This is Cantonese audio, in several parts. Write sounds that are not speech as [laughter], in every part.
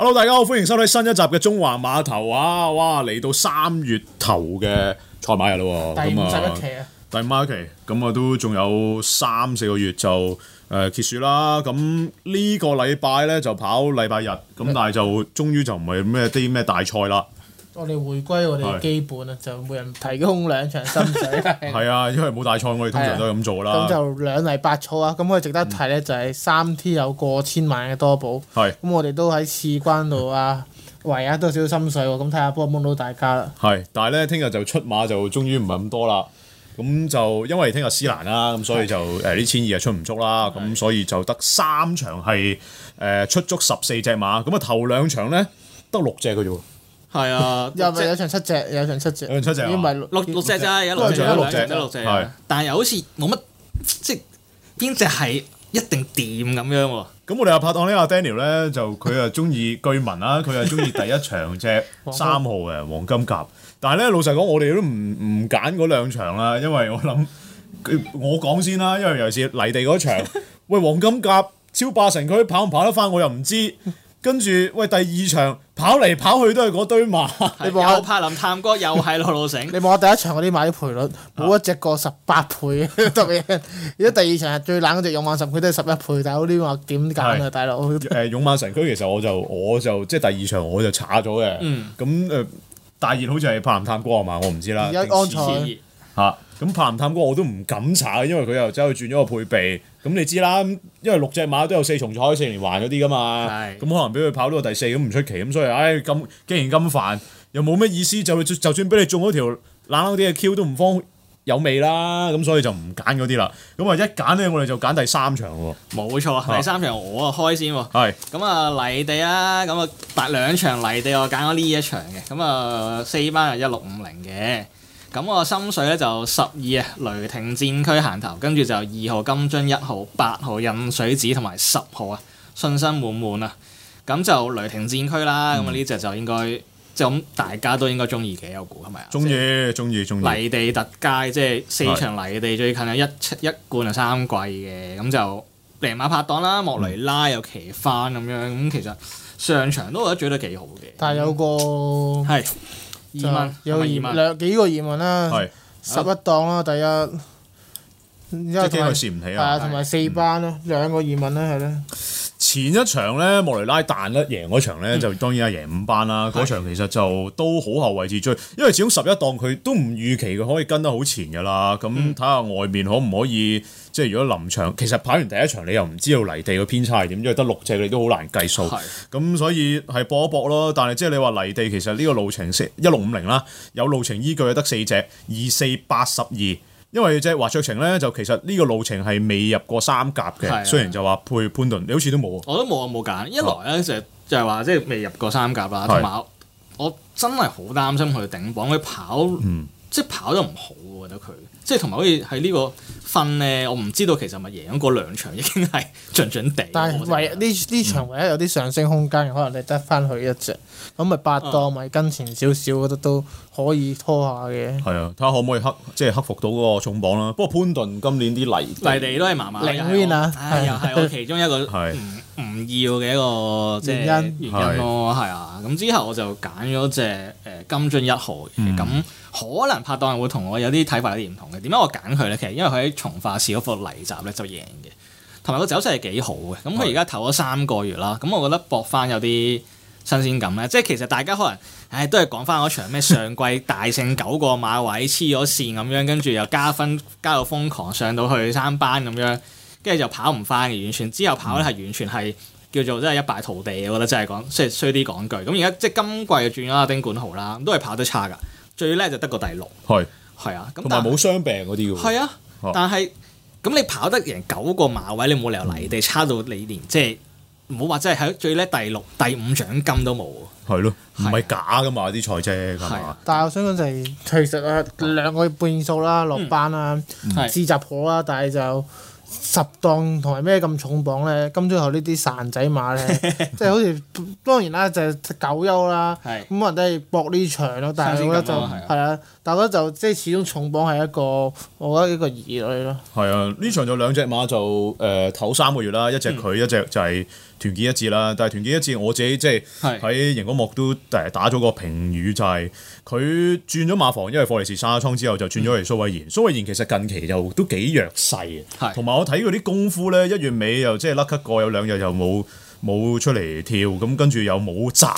Hello，大家好，歡迎收睇新一集嘅縱橫馬投啊！哇，嚟到三月頭嘅賽馬日咯，第五十一期啊，嗯，第五十期，咁啊都仲有三四個月就誒、呃、結束啦。咁，嗯這個，呢個禮拜咧就跑禮拜日，咁，嗯、但係就終於就唔係咩啲咩大賽啦。我哋回歸我哋嘅基本啊，是的 就每人提供兩場心水。係啊， [laughs] [laughs] 因為冇大賽，我哋通常都係咁做啦。咁就兩例八錯啊！咁我值得一提咧就係三 T 有過千萬嘅多寶。係。咁我哋都喺次關度啊，維亞多少心水喎。咁睇下幫唔幫到大家啦。係。但係咧，聽日就出馬就終於唔係咁多啦。咁就因為聽日思蘭啦，咁 [laughs] 所以就誒啲千二就出唔足啦。咁是的 所以就得三場係誒、呃、出足十四隻馬。咁啊頭兩場咧得六隻嘅啫係啊，隻有隻有場七隻，有場七隻，有場七隻，唔係六六隻咋？而家六隻，一六隻，一六隻，但係又好似冇乜即係邊隻係一定掂咁樣喎？咁 [laughs] 我哋阿拍檔、Daniel、呢阿 Daniel 咧就佢又中意據聞啦，佢又中意第一場隻 [laughs] 三號嘅黃金甲。但係咧老實講，我哋都唔唔揀嗰兩場啦，因為我諗，我講先啦，因為尤其是泥地嗰場，喂黃金甲，超霸成，佢跑唔跑得翻我又唔知，跟住喂第二場。跑嚟跑去都係嗰堆馬，你望下又柏林探戈又係路路成。 [laughs] 你望我第一場嗰啲買賠率冇一隻過十八倍，特別而家第二場係最冷嗰隻勇猛神區都係十一倍，但是大佬你話點揀啊？大佬。誒，勇猛神區其實我就我就即係第二場我就查咗嘅，咁誒、嗯呃、大熱好似係柏林探戈啊嘛，我唔知啦。而家安賽嚇，咁是、啊、柏林探戈我都唔敢查，因為佢又走去轉咗個配備。咁你知啦，因為六隻馬都有四重彩、四連環嗰啲噶嘛，咁是的 可能俾佢跑到第四咁唔出奇，咁所以唉咁既然咁煩，又冇乜意思，就就算俾你中嗰條冷啲嘅 Q 都唔方有味啦，咁所以就唔揀嗰啲啦。咁啊一揀咧，我哋就揀第三場喎。冇錯，第三場我啊開先喎。咁啊是的 泥地啊，咁啊搭兩場泥地，我揀咗呢一場嘅。咁啊四班係一六五零嘅。咁我心水咧就十二啊雷霆戰區行頭，跟住就二號金樽、一號八號印水紙同埋十號啊信心滿滿啊！咁就雷霆戰區啦，咁啊呢隻就應該即係咁大家都應該中意嘅，我估係咪啊？中意中意中意泥地特佳，即係四場泥地最近有一七對一冠啊三季嘅，咁就尼馬拍檔啦，莫雷拉又騎翻咁樣，咁，嗯，其實上場都我覺得追得幾好嘅。但係有個係。二疑，有兩幾個疑問啦，是十一檔啦、啊，第一。即係驚佢蝕唔起啊！同埋四班咯、啊，兩個疑問啦，係啦。前一場咧，莫雷拉彈得贏嗰場咧，嗯、就當然係贏五班啦、啊。嗰、嗯、場其實就都好後位置追，因為始終十一檔佢都唔預期佢可以跟得好前嘅啦。咁睇下外面可唔可以，即係如果臨場，其實跑完第一場你又唔知道泥地嘅偏差係點，因為得六隻你都好難計數。咁、嗯、所以係搏一搏咯，但係即係你話泥地其實呢個路程一六五零啦，50，有路程依據得四隻二四八十二。因為即係華卓晴咧，就其實呢個路程係未入過三甲嘅，是的 雖然就話配潘頓，你好似都冇啊，我都冇啊，冇揀。一來咧，成、啊、就係話即係未入過三甲啦，同埋是的 我，我真係好擔心佢頂磅，佢跑、嗯、即係跑得唔好，我覺得佢，即係同埋好似喺呢個。分咧，我唔知道其實咪贏過兩場，已經係盡盡地。但係唯呢呢場唯一有啲上升空間，可能你得翻佢一隻，咁咪八檔咪、嗯、跟前少少，我覺得都可以拖下嘅。係啊，睇下可唔可以克即係克服到嗰個重磅啦。不過潘頓今年啲泥泥地都係麻麻，零分啊，又係禮、哎、其中一個唔唔 [laughs] 要嘅一,一,一個原因原因咯，係啊。咁之後我就揀咗隻誒金樽一號，咁、嗯嗯、可能拍檔會同我有啲睇法有啲唔同嘅。點解我揀佢咧？其實因為佢喺從化市嗰副泥閘咧就贏嘅，同埋個走勢係幾好嘅。咁佢而家唞咗三個月啦，咁是的 我覺得搏翻有啲新鮮感咧。即係其實大家可能，唉、哎，都係講翻嗰場咩上季大勝九個馬位黐咗線咁樣，跟住又加分加到瘋狂，上到去三班咁樣，跟住就跑唔翻嘅。完全之後跑咧係完全係叫做真係一敗塗地。我覺得真係講衰衰啲講句。咁而家即係今季轉咗阿丁冠豪啦，都係跑得差噶，最叻就得個第六。係係啊，同埋冇傷病嗰啲㗎。啊是。但係咁你跑得人九個馬位，你冇理由泥地差到你連即係唔好話，即係喺最叻第六、第五獎金都冇。係咯，唔係假噶嘛啲賽車，係嘛？但係我想講就係，其實誒、嗯、兩個半數啦，落班啦，自格、嗯嗯、婆啦，但係就。十檔同埋咩咁重磅咧？今朝頭呢啲散仔馬咧，即係 [laughs] 好似當然啦，就久休啦，咁是人都係搏呢場咯。但係我覺得就係啊，啊，但係我就即係始終重磅係一個，我覺得一個疑慮咯。係啊，呢場就兩隻馬就誒唞三個月啦，一隻佢，嗯、一隻就係、是。團結一致啦，但係團結一致我自己即係喺熒光幕都誒打咗個評語，是就係佢轉咗馬房，因為霍利士殺倉之後就轉咗嚟蘇偉賢。嗯、蘇偉賢其實近期又都幾弱勢嘅，同埋是我睇佢啲功夫咧，一月尾又即係甩咳 c 過有兩日又冇冇出嚟跳，咁跟住又冇閘。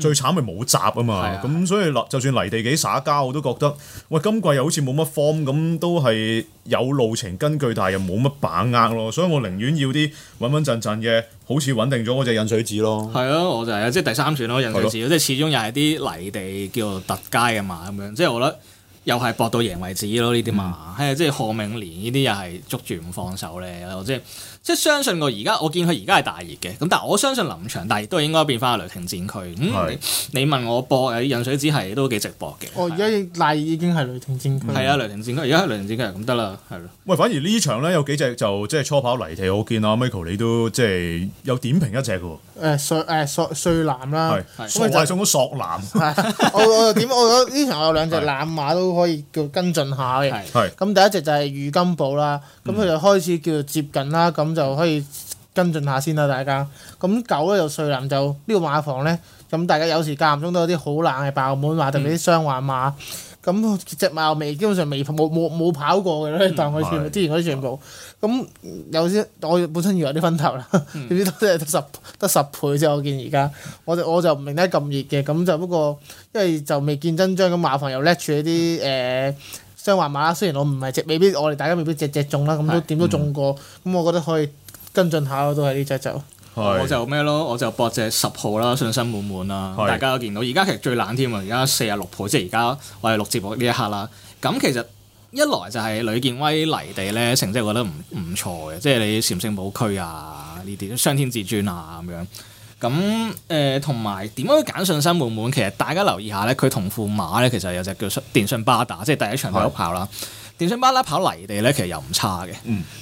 最慘咪冇閘啊嘛，咁、啊、所以泥就算泥地幾耍家，我都覺得喂今季又好似冇乜 form 咁，都係有路程根據，但係又冇乜把握咯，所以我寧願要啲穩穩陣陣嘅，好似穩定咗嗰隻引水紙咯。係啊，我就係、是、啊，即係第三選咯，引水紙即係始終又係啲泥地叫做特佳啊嘛，咁樣即係我覺得又係搏到贏為止咯呢啲嘛，係啊、嗯，即係賀明年呢啲又係捉住唔放手咧，即係、嗯。嗯。即係相信我，而家我見佢而家係大熱嘅，咁但係我相信臨場大熱都應該變返雷霆戰區。嗯，是你，你問我播有啲引水紙係都幾直播嘅。哦，而家賴已經係雷霆戰區。係啊，雷霆戰區，而家雷霆戰區又咁得啦，係咯。喂，反而場呢場咧有幾隻就即係初跑嚟。題，我見阿 Michael 你都即係有點評一隻嘅。誒、呃，索誒索索南啦，的我係送咗索男。的 [laughs] [laughs] 我我覺得呢場我有兩隻藍馬都可以叫跟進下係。咁的第一隻就係御金寶啦，咁佢、嗯、就開始叫做接近啦，咁。咁就可以跟進下先啦，大家。咁狗咧就瑞林就呢、這個馬房咧，咁大家有時間中都有啲好冷嘅爆滿馬，話、嗯、特別啲雙環馬。咁隻馬我未，基本上未冇冇冇跑過嘅但係我全部是之前嗰啲全部。咁有時我本身以為啲分頭啦，點知都係得十得十倍啫。 [laughs] 我見而家，我就我就唔明點解咁熱嘅，咁就不過因為就未見真章，咁馬房又叻住一啲誒。嗯呃雙橫馬啦，雖然我唔係隻，未必我哋大家未必隻隻中啦，咁都點是都中過，咁、嗯、我覺得可以跟進下咯，都係呢隻就。是我就咩咯？我就博隻十號啦，信心滿滿啦。是大家都見到，而家其實最冷添啊！而家四十六倍，即係而家我哋錄節目呢一刻啦。咁其實一來就係呂建威嚟地咧成績，我覺得唔唔錯嘅，即係你禪聖冇區啊呢啲，雙天至尊啊咁樣。咁誒同埋點樣揀信心滿滿？其實大家留意下咧，佢同父馬咧其實有隻叫電信巴打，即係第一場第一跑跑啦。嗯、電信巴打跑泥地咧，其實又唔差嘅。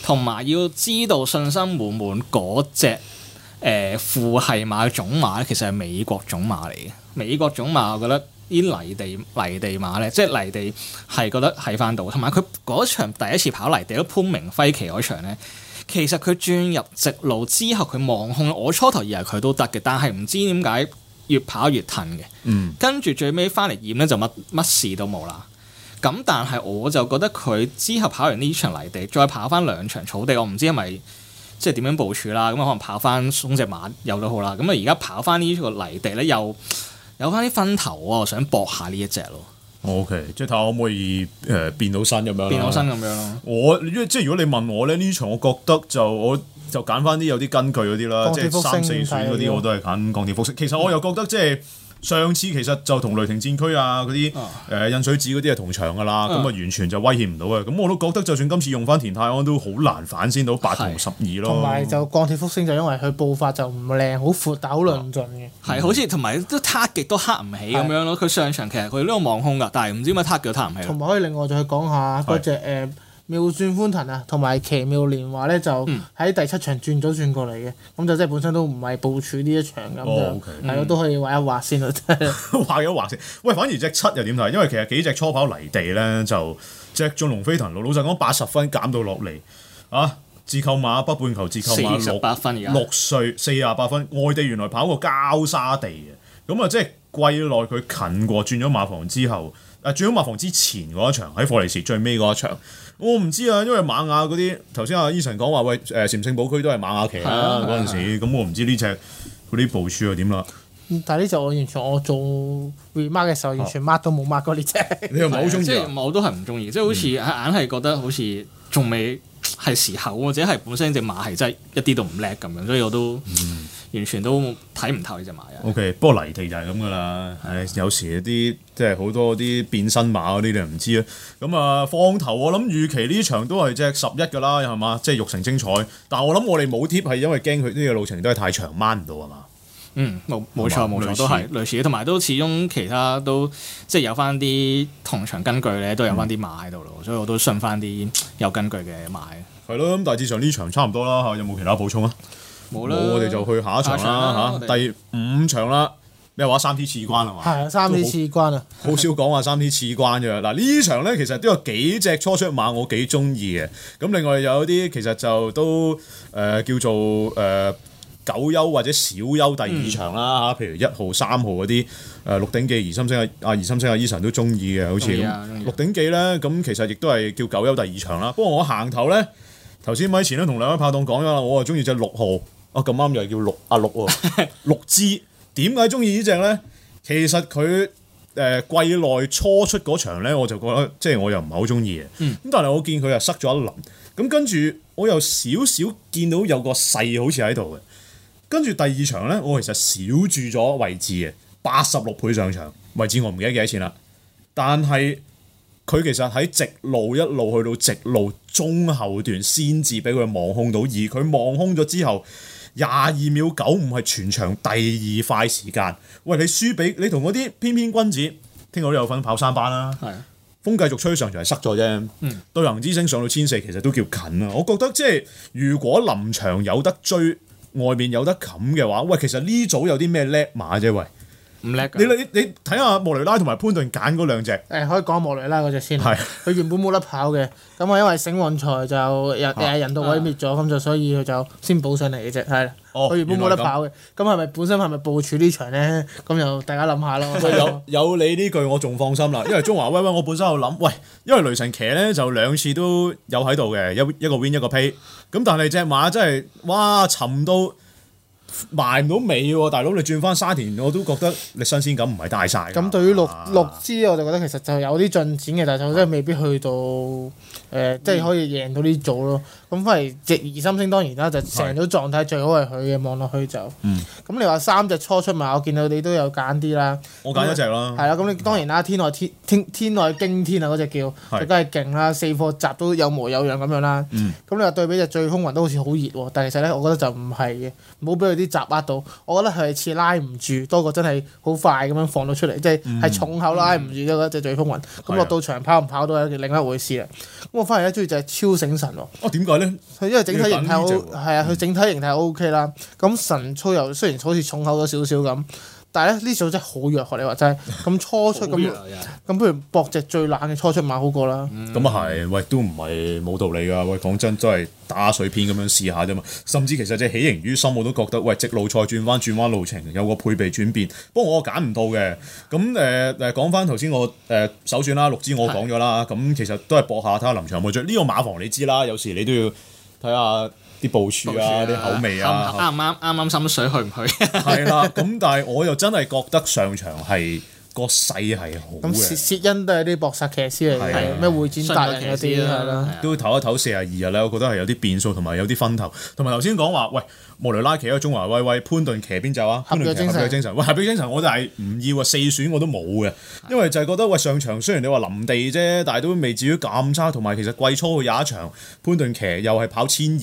同埋、嗯、要知道信心滿滿嗰隻誒父系馬嘅種馬咧，其實係美國種馬嚟嘅。美國種馬，我覺得啲泥地泥地馬咧，即係泥地係覺得係翻到，同埋佢嗰場第一次跑泥地，都潘明輝騎嗰場咧。其實佢轉入直路之後，佢望控。我初頭以為佢都得嘅，但係唔知點解越跑越騰嘅。嗯，跟住最尾翻嚟驗咧，就乜乜事都冇啦。咁但係我就覺得佢之後跑完呢場泥地，再跑翻兩場草地，我唔知係咪即係點樣部署啦。咁啊，可能跑翻鬆隻馬有都好啦。咁啊，而家跑翻呢個泥地咧，又有翻啲分頭啊，我想搏下呢一隻咯。Okay, 看看我 OK，即係睇下可唔可以誒變到身咁樣。變到身咁樣囉。我即係如果你問我咧，呢場我覺得就我就揀返啲有啲根據嗰啲啦，即係三四選嗰啲我都係揀鋼鐵復星。其實我又覺得即係。上次其實就同雷霆戰區啊，嗰啲誒印水紙嗰啲係同場噶啦，咁啊完全就威脅唔到嘅。咁、啊、我都覺得就算今次用翻田泰安都好難反先到八同十二咯。同埋就鋼鐵福星就因為佢步伐就唔靚、啊嗯，好闊但好論盡嘅。係，好似同埋都撻極都撻唔起咁是樣咯。佢上場其實佢都係望空㗎，但係唔知點解撻極都撻唔起。同埋可以另外再講下嗰隻誒。妙算歡騰啊，同埋奇妙年華咧，就喺第七場轉咗轉過嚟嘅，咁、嗯、就即係本身都唔係部署呢一場咁就係咯，okay, 嗯、都可以畫一畫先咯、啊， [laughs] [laughs] 畫一畫先。喂，反而隻七又點睇？因為其實幾隻初跑泥地咧，就隻眾龍飛騰老老實講，八十分減到落嚟啊！自購馬，北半球自購馬，六六歲四十八分，外地原來跑過交沙地嘅，咁啊即係季內佢近過轉咗馬房之後。誒，最好馬房之前嗰一場喺霍利時最尾嗰一場，我唔知啊，因為馬雅嗰啲頭先阿 Eason 講話，喂誒禪聖堡區都係馬雅騎、啊。啦嗰陣時，咁、啊嗯、我唔知呢隻嗰啲部署係點啦。但係呢隻我完全我做 remark 嘅時候，完全 mark 都冇 mark 過呢隻。啊、 [laughs] 你又唔係好中意，啊、即係我都係唔中意，即係好似硬係覺得好似仲未係時候，或者係本身隻馬係真係一啲都唔叻咁樣，所以我都。嗯完全都睇唔透呢隻馬嘅。O Okay , K，、嗯、不過泥地就係咁噶啦，唉、嗯哎，有時啲即係好多啲變身馬嗰啲你唔知啦。咁啊，放頭我諗預期呢場都係隻十一噶啦，係嘛？即、就、係、是、肉成精彩。但係我諗我哋冇貼係因為驚佢呢個路程都係太長，掹唔到係嘛？嗯，冇冇吧錯冇錯，都係類似，同埋都始終其他都即係有翻啲同場根據咧，都有翻啲馬喺度咯，嗯、所以我都信翻啲有根據嘅馬。係咯，咁大致上呢場差唔多啦、啊、有冇其他補充啊？冇了，我哋就去下一場啦嚇，第五場啦，咩話三 T 次關係嘛？係啊，三 T 次關啊。好少講話三 T 次關嘅嗱，很 [laughs] 場，呢場咧其實都有幾隻初出馬我幾中意嘅。咁另外有啲其實就都誒、呃、叫做誒、呃、久休或者小休第二場啦嚇，譬、嗯、如一號、三號嗰啲誒六鼎記而心星、啊，而心星、啊，Eason、呃啊、都中意嘅，好似咁。六鼎記咧咁其實亦都係叫久休第二場啦。不過我行頭咧頭先咪前都同兩位拍檔講咗啦，我就中意隻六號。哦，咁啱、啊、又叫六阿六喎，六支點解中意呢隻呢？其實佢誒、呃、季內初出嗰場呢，我就覺得即係、就是、我又唔係好中意嘅。咁、嗯、但係我見佢又塞咗一輪，咁跟住我又少少見到有個勢好似喺度嘅。跟住第二場呢，我其實少住咗位置嘅，八十六倍上場位置，我唔記得幾多錢啦。但係佢其實喺直路一路去到直路中後段先至俾佢望空到，而佢望空咗之後。廿二秒九五係全場第二快時間，喂你輸俾你同嗰啲翩翩君子，聽講都有份跑三班啦、啊，是的 風繼續吹上場係塞咗啫。嗯、對行之星上到千四其實都叫近啊，我覺得即係如果臨場有得追外面有得冚嘅話，喂其實呢組有啲咩叻馬啫喂。唔叻、啊。你你睇、哎、下莫雷拉同埋潘頓揀嗰兩隻。可以講莫雷拉嗰隻先。佢、哦、原本冇得跑嘅，咁啊因為醒運才，就人誒人道毀滅咗，咁就所以佢就先補上嚟嘅啫。係佢原本冇得跑嘅，咁係咪本身係咪部署呢場咧？咁就大家諗下咯。有有你呢句我仲放心啦，因為中華威威 [laughs] 我本身有諗，喂，因為雷神騎咧就兩次都有喺度嘅，一一個 win 一個 pay，咁但係隻馬真係哇沉到～埋唔到尾喎，大佬你轉翻沙田，我都覺得你新鮮感唔係大晒。咁對於六六支，我就覺得其實就有啲進展嘅，但係就真係未必去到誒，即係可以贏到呢組咯。咁反而直爾心升當然啦，就成咗狀態最好係佢嘅，望落去就。咁你話三隻初出馬，我見到你都有揀啲啦。我揀一隻啦。係啦，咁你當然啦，天外天天外驚天啊嗰隻叫，佢梗係勁啦，四貨集都有模有樣咁樣啦。咁你話對比隻最風雲都好似好熱喎，但係其實咧，我覺得就唔係嘅，冇俾佢啲。集壓到，我覺得佢係似拉唔住多過真係好快咁樣放到出嚟，嗯、即係係重口拉唔住嗰隻最風雲。咁落、嗯、到場跑唔跑到係另一回事啦。咁我反而咧中意就係超醒神喎。哦、啊，點解咧？佢因為整體形態，係啊、這個，佢整體形態 O K 啦。咁神操又雖然好似重口咗少少咁。但係咧，呢組真係好弱，學 [laughs] 你話齋咁初出咁咁，不如搏隻最冷嘅初出馬好過啦。咁啊，係，喂都唔係冇道理㗎，喂講真真係打水片咁樣試下啫嘛。甚至其實只起形於心，我都覺得喂，直路賽轉彎轉彎路程有個配備轉變，不過我揀唔到嘅。咁誒誒講翻頭先我誒首選啦，六支我講咗啦，咁是其實都係搏下睇下臨場會唔會追呢個馬房，你知啦，有時你都要睇下。啲部署啊，啲署、啊、口味啊，啱唔啱？啱啱？啱心水？去唔去？係 [laughs] 啦，咁但係我又真係覺得上場係個勢係好咁薛薛恩都係啲搏殺騎師嚟，係咩的會戰大贏嗰啲啦？都唞道的一唞四廿二日咧，我覺得係有啲變數同埋有啲分頭。同埋頭先講話，喂，莫雷拉騎喺中華威威，潘頓騎邊就啊？合約精神，精神喂合合精神，我就係唔要啊！四選我都冇嘅，因為就係覺得喂上場雖然你話臨地啫，但係都未至於咁差。同埋其實季初佢有一場潘頓騎又係跑千二。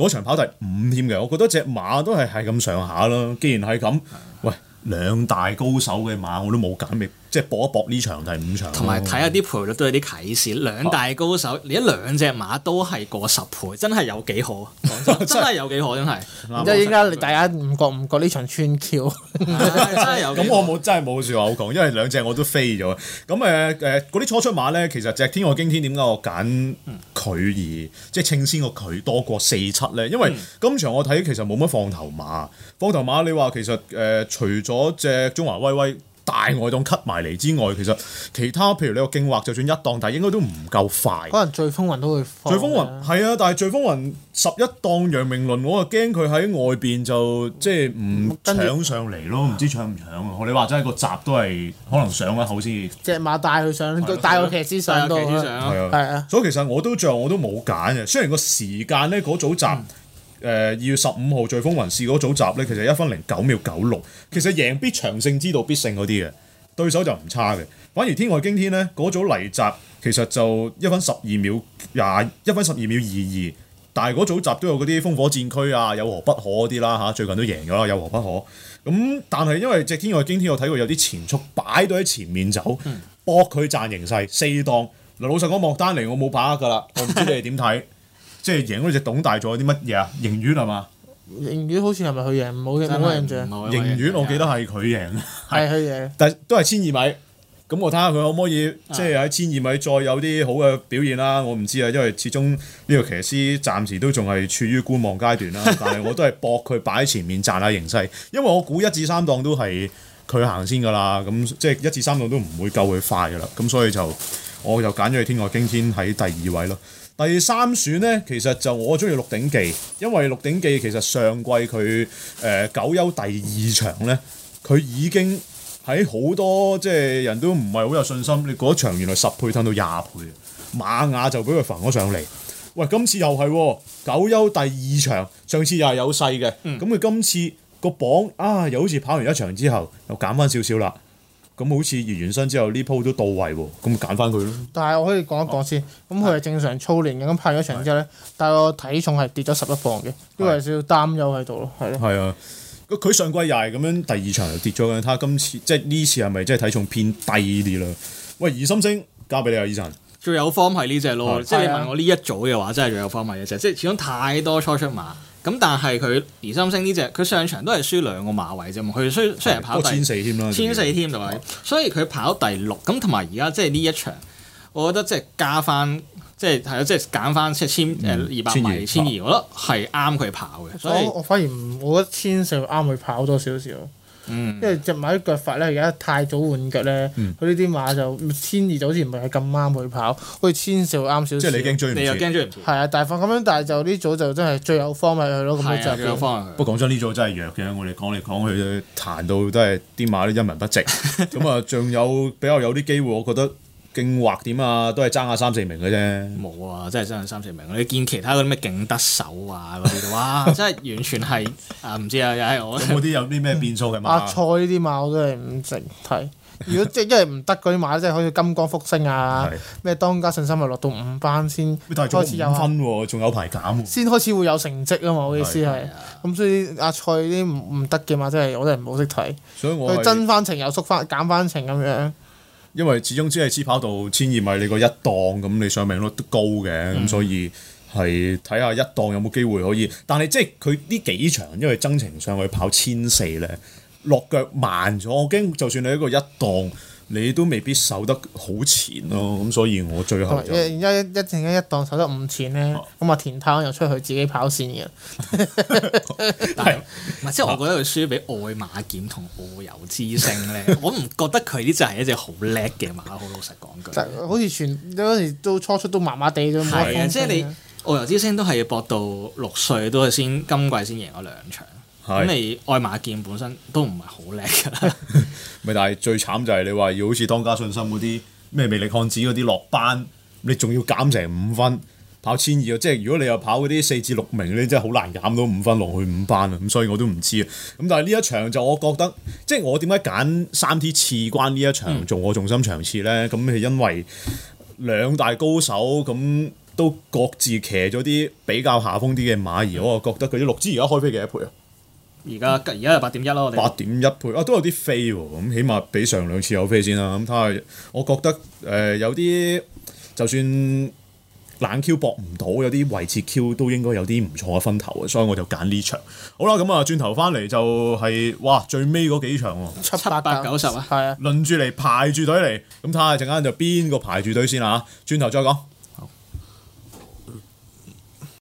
嗰場跑第五添嘅，我覺得隻馬都係係咁上下啦。既然係咁，喂，兩大高手嘅馬我都冇揀未。即係搏一搏呢場第五場，同埋睇下啲賠率都有啲啟示。兩大高手，你一、啊、兩隻馬都係過十倍，真係有幾好。真係 [laughs] 有幾好， [laughs] 真係。即係而家大家唔覺唔覺呢場穿 Q？ [laughs] 真係有。咁 [laughs] 我冇真係冇説話好講，因為兩隻我都飛咗。咁誒誒，嗰、呃、啲、呃、初出馬咧，其實隻天外驚天點解我揀佢而、嗯、即係稱先個佢多過四七咧？因為今場我睇其實冇乜放頭馬，放頭馬你話其實誒，除咗隻中華威威。大外檔吸埋嚟之外，其實其他譬如你個競劃，就算一檔，但係應該都唔夠快。可能醉風雲都會醉風雲係啊，但係醉風雲十一檔楊明綸，我啊驚佢喺外邊就即係唔搶上嚟咯，唔知搶唔搶啊？嗯、你話真係個閘都係可能上啦，好先。隻馬帶佢上，帶個對騎師上到係對啊，啊啊所以其實我都仲我都冇揀嘅。雖然個時間咧嗰組集。嗯嗯嗯誒二月十五號在《風雲》試嗰組集咧，其實一分零九秒九六，其實贏必長勝之道必勝嗰啲嘅對手就唔差嘅。反而《天外驚天》咧嗰組嚟集，其實就一分十二秒廿一分十二秒二二，但係嗰組集都有嗰啲烽火戰區啊，有何不可啲啦嚇，最近都贏咗啦，有何不可。咁但係因為隻《天外驚天》我睇過有啲前速擺到喺前面走，博佢賺形勢四檔。嗱老實講，莫丹尼我冇把握噶啦，我唔知你哋點睇。即係贏嗰隻董大咗啲乜嘢啊？盈遠係嘛？盈遠好似係咪佢贏？冇冇印象？盈遠我記得係佢贏，係佢贏。但都係千二米，咁我睇下佢可唔可以即係喺千二米再有啲好嘅表現啦。我唔知啊，因為始終呢個騎師暫時都仲係處於觀望階段啦。但係我都係搏佢擺喺前面賺下形勢， [laughs] 因為我估一至三檔都係佢行先㗎啦。咁即係一至三檔都唔會夠佢快㗎啦。咁所以就我就揀咗去天外驚天喺第二位咯。第三選呢，其實就我中意《鹿鼎記》，因為《鹿鼎記》其實上季佢誒、呃、九優第二場呢，佢已經喺好多即係人都唔係好有信心。你嗰場原來十倍等到廿倍，馬雅就俾佢浮咗上嚟。喂，今次又係九優第二場，上次又係有勢嘅，咁佢今次個榜啊，又好似跑完一場之後又減翻少少啦。咁好似完完身之後呢，鋪都到位喎，咪揀翻佢咯。但係我可以講一講先，咁佢係正常操練咁拍咗場之後咧，但係個體重係跌咗十一磅嘅，呢個係少少擔憂喺度咯，係咯。係啊，佢上季又係咁樣，第二場又跌咗嘅，睇下今次即係呢次係咪真係體重偏低啲啦？喂，二三星交俾你啊，Eason。最有方係呢隻咯，即係是、啊、你問我呢一組嘅話，真係最有方係呢隻，即係始終太多初出馬。咁但係佢而三星呢隻，佢上場都係輸兩個馬位啫嘛，佢雖雖然跑第四添啦，千四添度啊，1 1, 嗯、所以佢跑第六，咁同埋而家即係呢一場，我覺得即係加翻，即係係咯，即係減翻即係千誒二百米千二 120,、嗯，我覺得係啱佢跑嘅，所以我反而唔，我覺得千四啱佢跑多少少。嗯，因為隻馬啲腳法咧，而家太早換腳咧，佢呢啲馬就千二就好似唔係咁啱佢跑，好似千四啱少，少少。即係你驚追唔切。你又驚追唔切？係啊，大放咁樣，但係就呢組就真係最有方喺佢咯。係啊的，最有方啊！不過講真，呢組真係弱嘅。我哋講嚟講去，彈到都係啲馬都一文不值。咁啊， [laughs] 仲有比較有啲機會，我覺得。勁劃點啊，都係爭下三四名嘅啫。冇啊，真係爭下三四名。你見其他嗰啲咩勁得手啊，嗰啲 [laughs] 哇，真係完全係啊，唔知啊，又係我。 [laughs] 有冇啲有啲咩變數嘅馬？阿、啊、蔡呢啲馬，我真係唔識睇。如果 [laughs] 即係因為唔得嗰啲馬，即係好似金光復星啊，咩 [laughs] 當家信心咪落到五班先。但係佢前分喎，仲有排減喎。先開始會有,有,、啊、有,有成績啊嘛，我意思係。咁的所以阿、啊、蔡呢啲唔得嘅馬，真係我都係唔好識睇。佢增翻程又縮翻減翻程咁樣。因為始終只係只跑到千二米，你個一檔咁，你上名率都高嘅。咁、嗯、所以係睇下一檔有冇機會可以。但係即係佢呢幾場，因為增程上去跑千四咧，落腳慢咗，我驚就算你一個一檔。你都未必守得好前咯，咁所以我最後一一一陣間一檔守得唔前咧，咁啊田泰安又出去自己跑線嘅。 [laughs] [laughs] 但係唔係即係我覺得佢輸俾愛馬劍同傲遊之星咧， [laughs] 我唔覺得佢呢只係一隻好叻嘅馬。好老實講句，好似全時都都初出都麻麻地咁。係啊，即係你傲遊之星都係搏到六歲都係先今季先贏咗兩場。咁你愛馬健本身都唔係好叻嘅，咪但係最慘就係你話要好似當家信心嗰啲咩魅力漢子嗰啲落班，你仲要減成五分跑千二啊！即係如果你又跑嗰啲四至六名你真係好難減到五分落去五班啊！咁所以我都唔知啊。咁但係呢一場就我覺得，即係我點解揀三 T 次關呢一場做我重心場次咧？咁係、嗯、因為兩大高手咁都各自騎咗啲比較下風啲嘅馬兒，而是的 我又覺得佢啲六支而家開飛幾多倍啊？而家吉，而家係八點一咯，八點一倍啊，都有啲飛喎，咁起碼比上兩次有飛先啦、啊。咁睇下，我覺得誒、呃、有啲就算冷 Q 搏唔到，有啲位置 Q 都應該有啲唔錯嘅分頭啊。所以我就揀呢場。好啦，咁啊轉頭翻嚟就係、是、哇最尾嗰幾場喎、啊，七八九十看看啊，係啊，輪住嚟排住隊嚟，咁睇下陣間就邊個排住隊先啦嚇。轉頭再講。